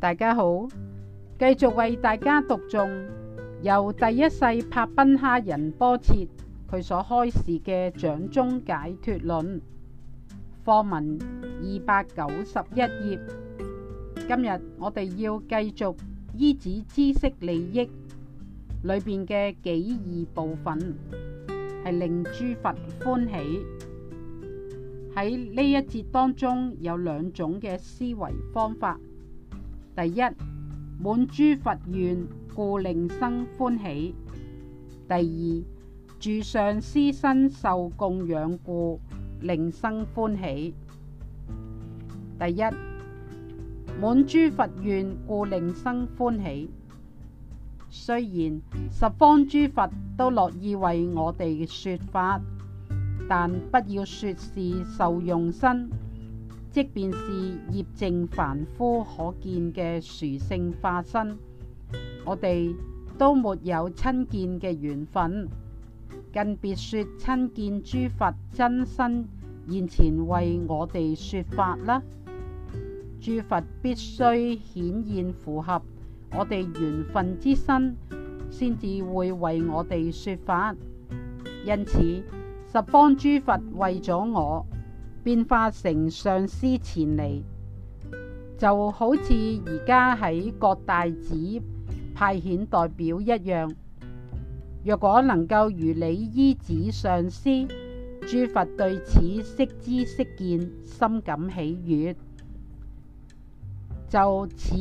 大家好，繼續為大家讀誦由第一世帕賓哈仁波切佢所開示嘅《掌中解脱論》課文二百九十一頁。今日我哋要繼續依止知識利益裏邊嘅幾義部分，係令諸佛歡喜。喺呢一節當中有兩種嘅思維方法。第一滿諸佛願故令生歡喜；第二住上師身受供養故令生歡喜。第一滿諸佛願故令生歡喜。雖然十方諸佛都樂意為我哋嘅說法，但不要說是受用身。即便是業淨凡夫可見嘅殊勝化身，我哋都沒有親見嘅緣分，更別說親見諸佛真身現前為我哋說法啦。諸佛必須顯現符合我哋緣分之身，先至會為我哋說法。因此，十方諸佛為咗我。變化成上師前嚟，就好似而家喺各大寺派遣代表一樣。若果能夠如理依止上師，諸佛對此識知識見，深感喜悅。就似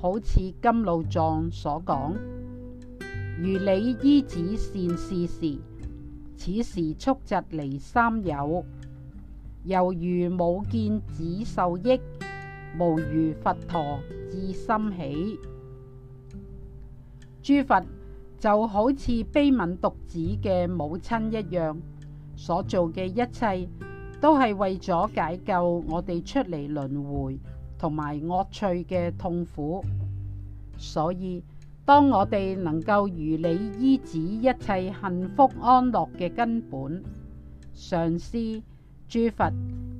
好似甘露藏所講，如理依止善事時，此時速疾離三有。」猶如母見子受益，無如佛陀至心起。諸佛就好似悲憫獨子嘅母親一樣，所做嘅一切都係為咗解救我哋出嚟輪回同埋惡趣嘅痛苦。所以，當我哋能夠如理依止一切幸福安樂嘅根本上師。諸佛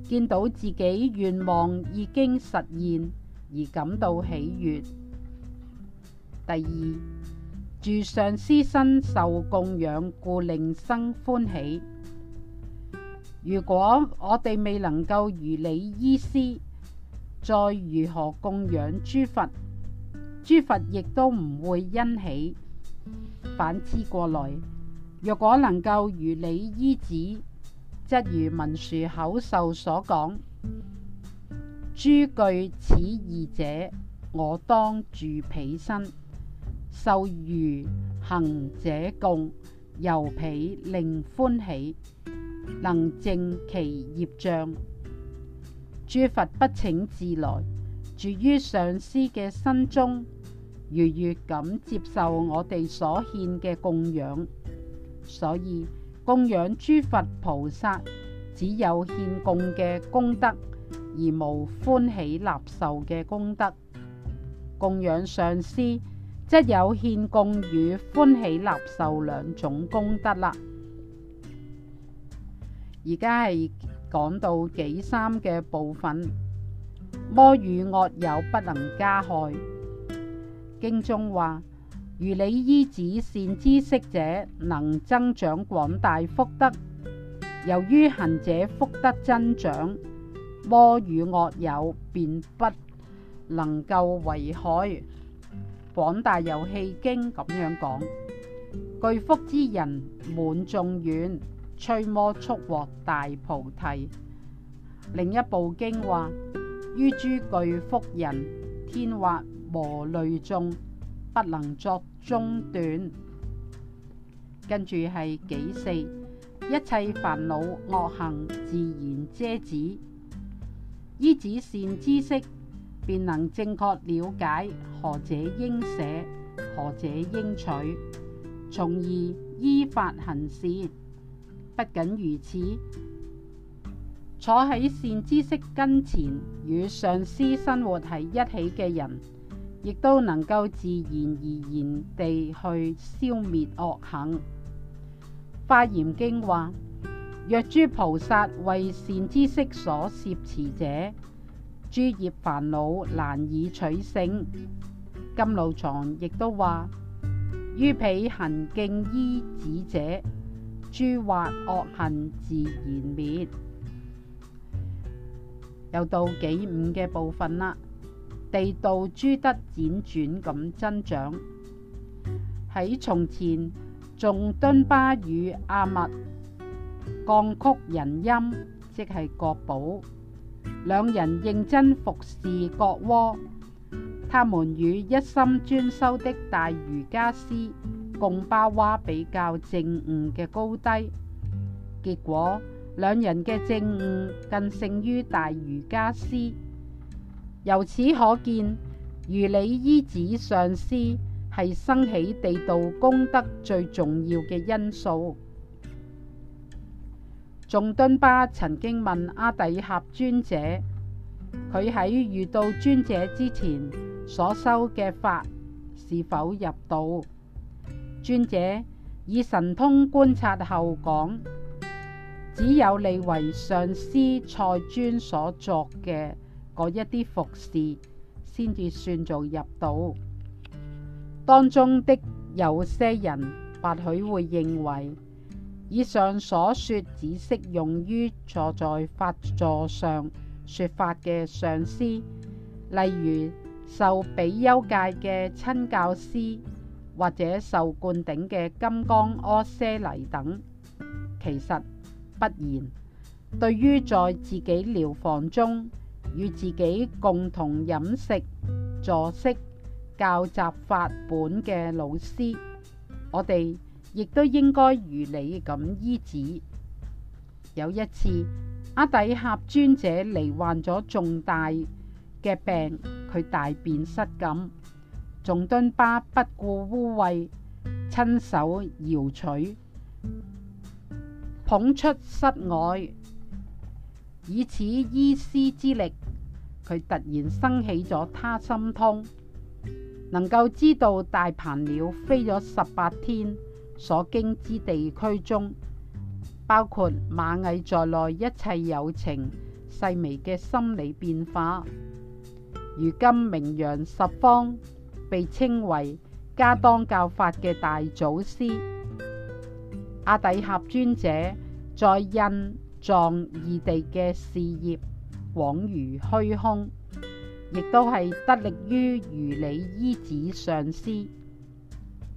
見到自己願望已經實現，而感到喜悦。第二，住上師身受供養，故令生歡喜。如果我哋未能夠如理依師，再如何供養諸佛，諸佛亦都唔會欣喜。反之過來，若果能夠如理依止，則如文殊口授所講，諸具此二者，我當住彼身，受如行者供，由彼令歡喜，能淨其業障。諸佛不請自來，住於上師嘅身中，如月咁接受我哋所獻嘅供養，所以，供養諸佛菩薩只有獻供嘅功德，而無歡喜納受嘅功德；供養上師則有獻供與歡喜納受兩種功德啦。而家係講到己三嘅部分，魔與惡友不能加害。經中話。如理依止善知識者，能增長廣大福德。由於行者福德增長，魔與惡友便不能夠危害。廣大遊戲經咁樣講：巨福之人滿衆願，摧魔速獲大菩提。另一部經話：於諸巨福人，天或魔類衆，不能作。中斷，跟住係幾四，一切煩惱惡行自然遮止。依止善知識，便能正確了解何者應捨，何者應取，從而依法行事。不僅如此，坐喺善知識跟前，與上師生活係一起嘅人。亦都能夠自然而然地去消滅惡行。《法言經》話：若諸菩薩為善知識所攝持者，諸業煩惱難以取勝。甘露藏亦都話：於彼行敬依止者，諸惑惡行自然滅。又到幾五嘅部分啦。地道朱德輾轉咁增長，喺從前仲敦巴與阿密降曲仁欽，即係國寶，兩人認真服侍國窩。他們與一心專修的大瑜伽師共巴哇比較正悟嘅高低，結果兩人嘅正悟更勝於大瑜伽師。由此可見，如理依止上師係生起地道功德最重要嘅因素。仲敦巴曾經問阿底峽尊者，佢喺遇到尊者之前所修嘅法是否入道？尊者以神通觀察後講：只有你為上師塞尊所作嘅。嗰一啲服侍先至算做入到。當中的有些人，或許會認為以上所說只適用於坐在法座上說法嘅上師，例如受比丘戒嘅親教師或者受灌頂嘅金剛阿闍黎等。其實不然，對於在自己寮房中，與自己共同飲食、作息、教習法本嘅老師，我哋亦都應該如你咁醫治。有一次，阿底峽尊者罹患咗重大嘅病，佢大便失禁，仲敦巴不顧污穢，親手搖取、捧出室外，以此醫師之力。佢突然生起咗他心通，能夠知道大鵬鳥飛咗十八天所經之地區中，包括螞蟻在內一切有情細微嘅心理變化。如今名揚十方被稱為加當教法嘅大祖師阿底峽尊者，在印藏二地嘅事業。廣如虛空，亦都係得力於如理依止上師。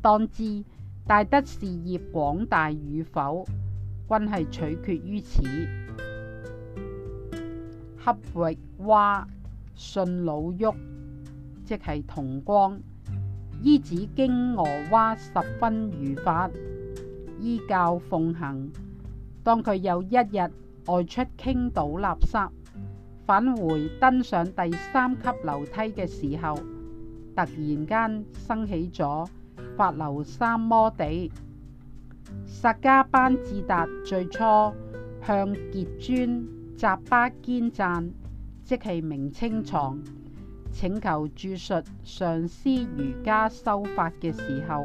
當知大德事業廣大與否，均係取決於此。恰域蛙信老旭，即係同光依止，驚鵝蛙十分如法依教奉行。當佢有一日外出傾倒垃圾，返回登上第三級樓梯嘅時候，突然間升起咗法流三摩地。薩迦班智達最初向傑尊扎巴堅贊即係明清藏請求注述上師瑜伽修法嘅時候，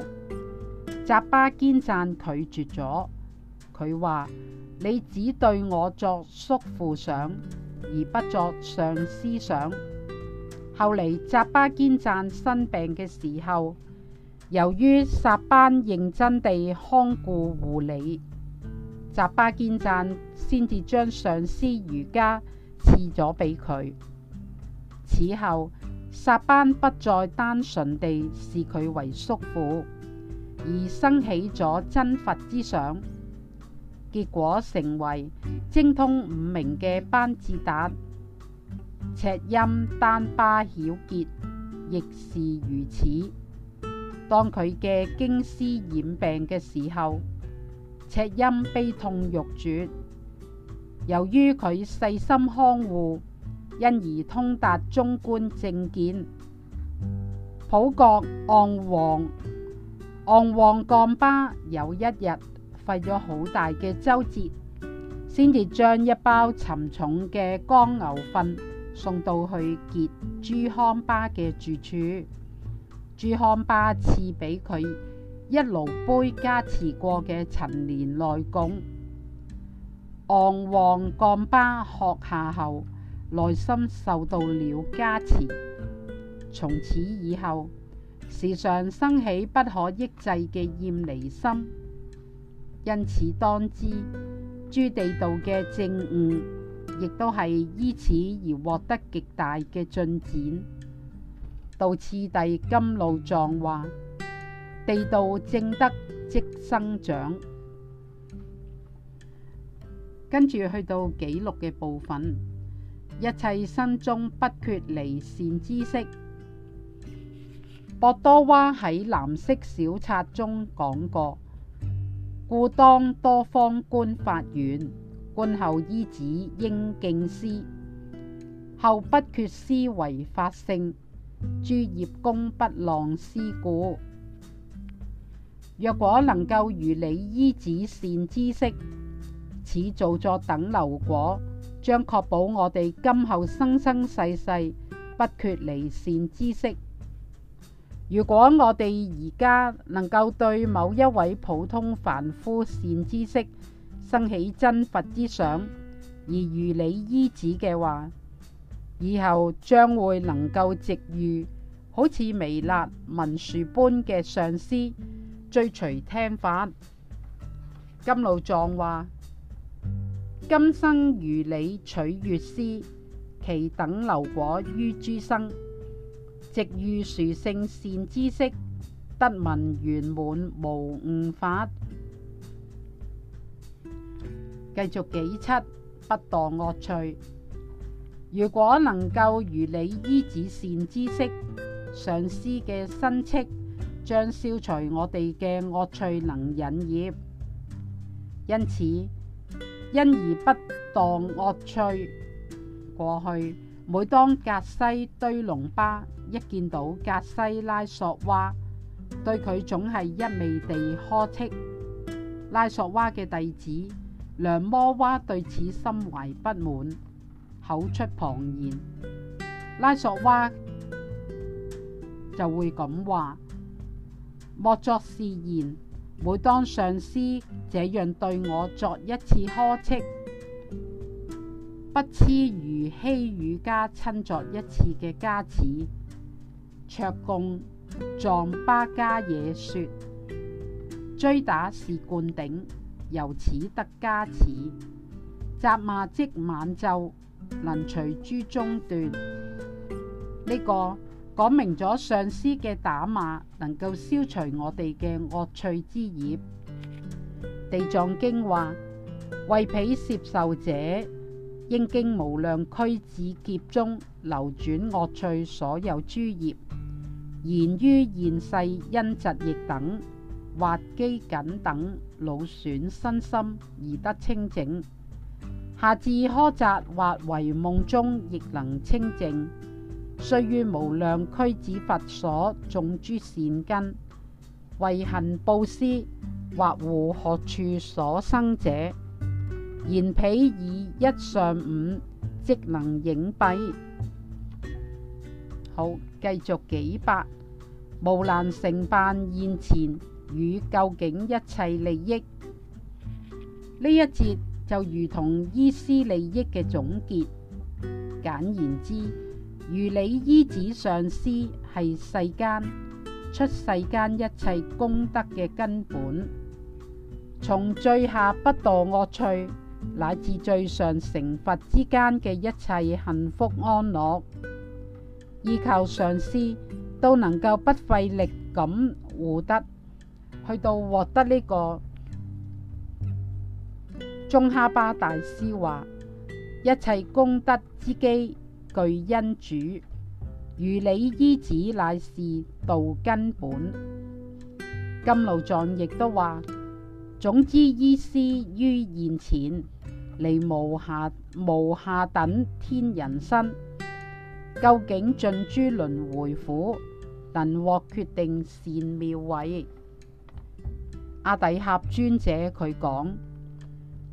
扎巴堅贊拒絕咗，佢話：你只對我作叔父想。而不作上師想。後嚟，扎巴堅贊生病嘅時候，由於薩班認真地看顧護理，扎巴堅贊先至將上師瑜伽賜咗俾佢。此後，薩班不再單純地視佢為叔父，而生起咗真佛之想。結果成為精通五明嘅班智達。赤音丹巴曉傑亦是如此。當佢嘅經師染病嘅時候，赤音悲痛欲絕。由於佢細心看護，因而通達中觀正見。普國昂王昂王幹巴有一日。.費咗好大嘅周折，先至將一包沉重嘅乾牛糞送到去結朱康巴嘅住處。朱康巴賜俾佢一爐杯加持過嘅陳年內貢，昂旺干巴喝下後，內心受到了加持，從此以後時常生起不可抑制嘅厭離心。因此當，當知諸地道嘅正悟，亦都係依此而獲得極大嘅進展。道次第甘露藏話：地道正德即生長。跟住去到記錄嘅部分，一切身中不缺離善知識。博多娃喺藍色小冊中講過。故當多方觀法源，觀後依止應敬師，後不缺師為法性，諸業功不浪思故。若果能夠如理依止善知識，此造作等流果，將確保我哋今後生生世世不缺離善知識。如果我哋而家能夠對某一位普通凡夫善知識生起真佛之想，而如理依止嘅話，以後將會能夠值遇好似彌勒文殊般嘅上師追隨聽法。甘露藏話：今生如理取悅師，其等流果於諸生。直遇殊勝善知識，得聞圓滿無誤法，繼續己七：不當惡趣。如果能夠如理依止善知識，上師嘅身跡將消除我哋嘅惡趣能引業，因此因而不當惡趣過去。每當格西堆龍巴一見到格西拉索娃，對佢總係一味地呵斥，拉索娃嘅弟子梁摩娃對此心懷不滿，口出謗言，拉索娃就會咁話：莫作是言。每當上司這樣對我作一次呵斥，不痴如希瑜家親作一次嘅加持，卓供藏巴加野說追打是灌頂，由此得加持。責罵即晚咒，能除諸中斷。呢、這個講明咗上師嘅打罵能夠消除我哋嘅惡趣之業。地藏經話，為彼攝受者。應經無量俱胝劫中流轉惡趣所有諸業，然於現世因疾疫等，或饑饉等老損身心而得清淨；下至呵責，或為夢中，亦能清淨。雖於無量俱胝佛所種諸善根，謂行布施或護學處所生者。然彼以一上午即能影蔽，好繼續幾百無難成辦，現前與究竟一切利益。呢一節就如同依師利益嘅總結。簡言之，如你依子「依止上師」，係世間出世間一切功德嘅根本，從最下不墮惡趣。乃至最上成佛之間嘅一切幸福安樂，依靠上師都能夠不費力咁護得，去到獲得呢、這個。宗喀巴大師話：一切功德之基具恩主，如理依止乃是道根本。金牛藏亦都話。總之，依師於現前，離無下無下等天人身，究竟盡諸輪迴苦，能獲決定善妙位。阿底峽尊者佢講：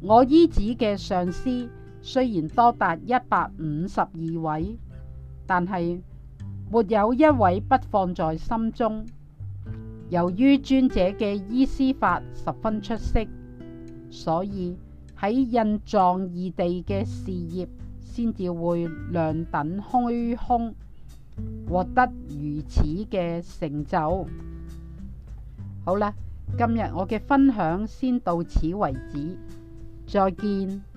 我依止嘅上師雖然多達一百五十二位，但係沒有一位不放在心中。由於尊者嘅依師法十分出色，所以喺印藏二地嘅事業先至會量等虛空，獲得如此嘅成就。好啦，今日我嘅分享先到此為止，再見。